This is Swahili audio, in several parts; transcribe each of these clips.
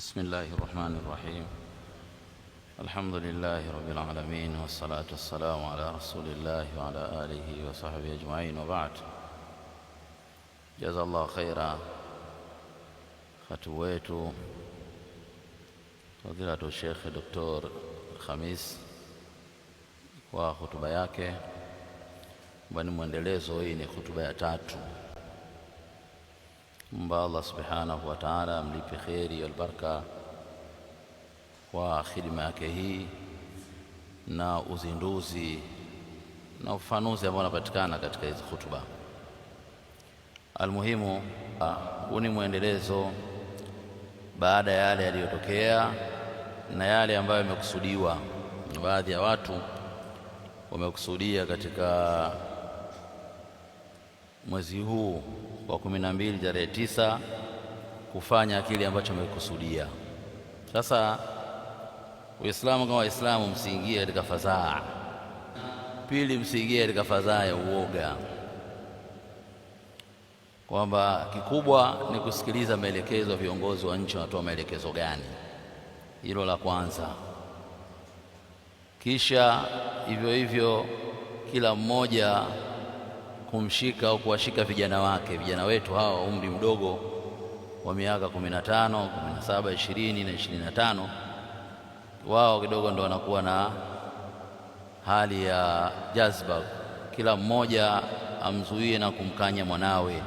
بسم الله الرحمن الرحيم الحمد لله رب العالمين والصلاة والسلام على رسول الله وعلى آله وصحبه أجمعين وبعد جزا الله خيرا خطويت فضيلة الشيخ الدكتور خميس وخطبياك بني hotuba yake ambayo ni Mba Allah subhanahu wa ta'ala amlipe kheri baraka kwa khidma yake hii na uzinduzi na ufafanuzi ambao unapatikana katika hizi hutuba. Almuhimu, ah, huu ni mwendelezo baada ya yale yaliyotokea na yale ambayo yamekusudiwa. Baadhi ya watu wamekusudia katika mwezi huu wa kumi na mbili tarehe tisa kufanya kile ambacho amekusudia. Sasa Uislamu kama Waislamu, msiingie katika fadhaa. Pili, msiingie katika fadhaa ya uoga, kwamba kikubwa ni kusikiliza maelekezo ya viongozi wa nchi, wanatoa maelekezo gani. Hilo la kwanza. Kisha hivyo hivyo kila mmoja kumshika au kuwashika vijana wake, vijana wetu hawa wa umri mdogo wa miaka 15, 17, 20 na 25, wao kidogo ndo wanakuwa na hali ya jazba. Kila mmoja amzuie na kumkanya mwanawe,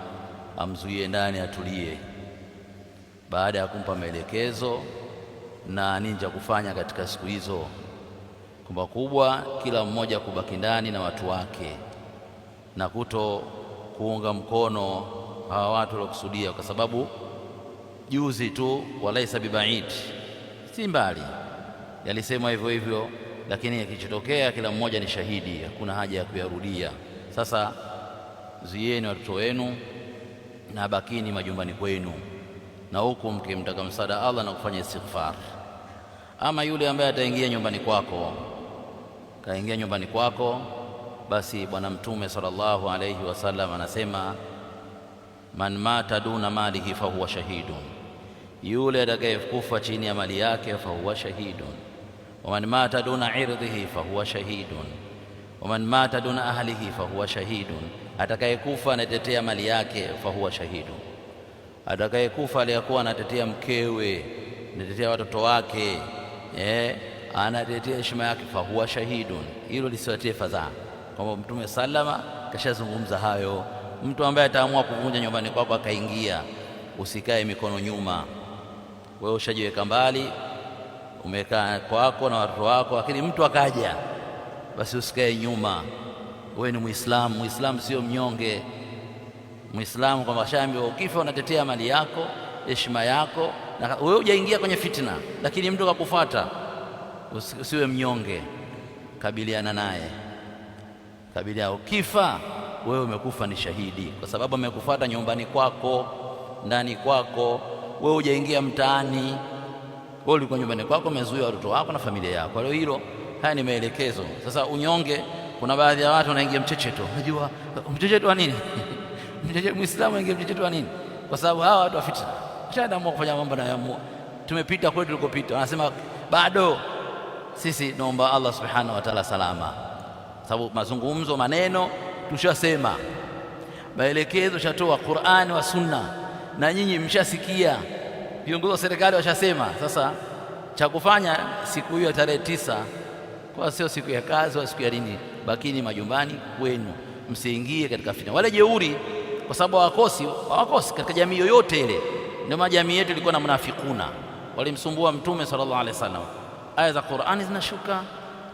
amzuie ndani atulie, baada ya kumpa maelekezo na nini cha kufanya katika siku hizo. Kumba kubwa, kila mmoja kubaki ndani na watu wake na kuto kuunga mkono hawa watu waliokusudia, kwa sababu juzi tu walaisa bibaid, si mbali, yalisemwa hivyo hivyo, lakini yakichotokea kila mmoja ni shahidi, hakuna haja ya kuyarudia. Sasa zieni watoto wenu na bakini majumbani kwenu, na huku mkimtaka msaada Allah na kufanya istighfar. Ama yule ambaye ataingia nyumbani kwako, kaingia nyumbani kwako basi Bwana Mtume sallallahu alayhi wasallam anasema, man mata duna malihi fahuwa shahidun, yule atakayekufa chini ya mali yake fahuwa shahidun. man mata duna irdhihi fahuwa shahidun, wa man mata duna ahlihi fahuwa shahidun, atakayekufa anatetea mali yake fahuwa shahidun, atakayekufa aliyakuwa anatetea mkewe, anatetea watoto wake, eh, anatetea heshima yake fahuwa shahidun, hilo lisiwatie fadhaa kwamba Mtume salama kashazungumza hayo. Mtu ambaye ataamua kuvunja nyumbani kwako akaingia, usikae mikono nyuma. Wewe ushajiweka mbali, umekaa kwako na watoto wako, lakini mtu akaja, basi usikae nyuma. Wewe ni Muislamu. Muislamu sio mnyonge. Muislamu kwamba shaambiwa ukifa unatetea mali yako, heshima yako, na wewe hujaingia kwenye fitna, lakini mtu akakufuata, usiwe mnyonge, kabiliana naye kabili yao kifa, wewe umekufa ni shahidi, kwa sababu amekufuata nyumbani kwako, ndani kwako, wewe hujaingia mtaani. Wewe ulikuwa nyumbani kwako, umezuia watoto wako na familia yako. Kwa hilo, haya ni maelekezo. Sasa unyonge, kuna baadhi ya watu wanaingia mchecheto. Unajua mchecheto wa nini? Muislamu aingia mchecheto wa nini? Kwa sababu hawa watu wa fitna shadaamua kufanya mambo nayoamua. Tumepita kwetu tulikopita, wanasema bado. Sisi naomba Allah subhanahu wa taala salama sababu mazungumzo, maneno tushasema, maelekezo shatoa Qur'ani wa Sunna, na nyinyi mshasikia, viongozi wa serikali washasema. Sasa cha kufanya siku hiyo tarehe tisa, kwa sio siku ya kazi wala siku ya nini, bakini majumbani kwenu, msiingie katika fitna wale jeuri, kwa sababu hawakosi, hawakosi katika jamii yoyote ile. Ndio maana jamii yetu ilikuwa na mnafikuna walimsumbua Mtume sallallahu alaihi wasallam, aya za Qur'ani zinashuka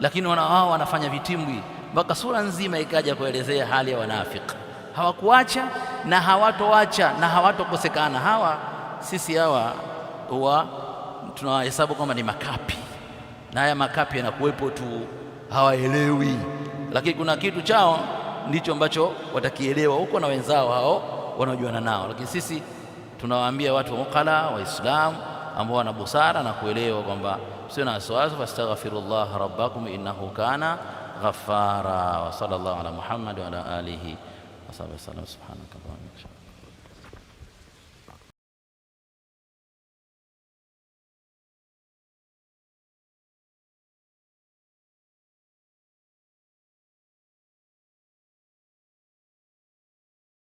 lakini wana wao wanafanya vitimbwi mpaka sura nzima ikaja kuelezea hali ya wanafiki. Hawakuacha na hawatoacha na hawatokosekana. Hawa sisi hawa huwa tunawahesabu kwamba ni makapi, na haya makapi yanakuwepo tu, hawaelewi, lakini kuna kitu chao ndicho ambacho watakielewa huko na wenzao hao wanaojuana nao, lakini sisi tunawaambia watu wa ukala Waislamu ambao wana busara na kuelewa kwamba سنا وسواس فاستغفروا الله ربكم إنه كان غفارا وصلى الله على محمد وعلى آله وصحبه وسلم سبحانك اللهم وبحمدك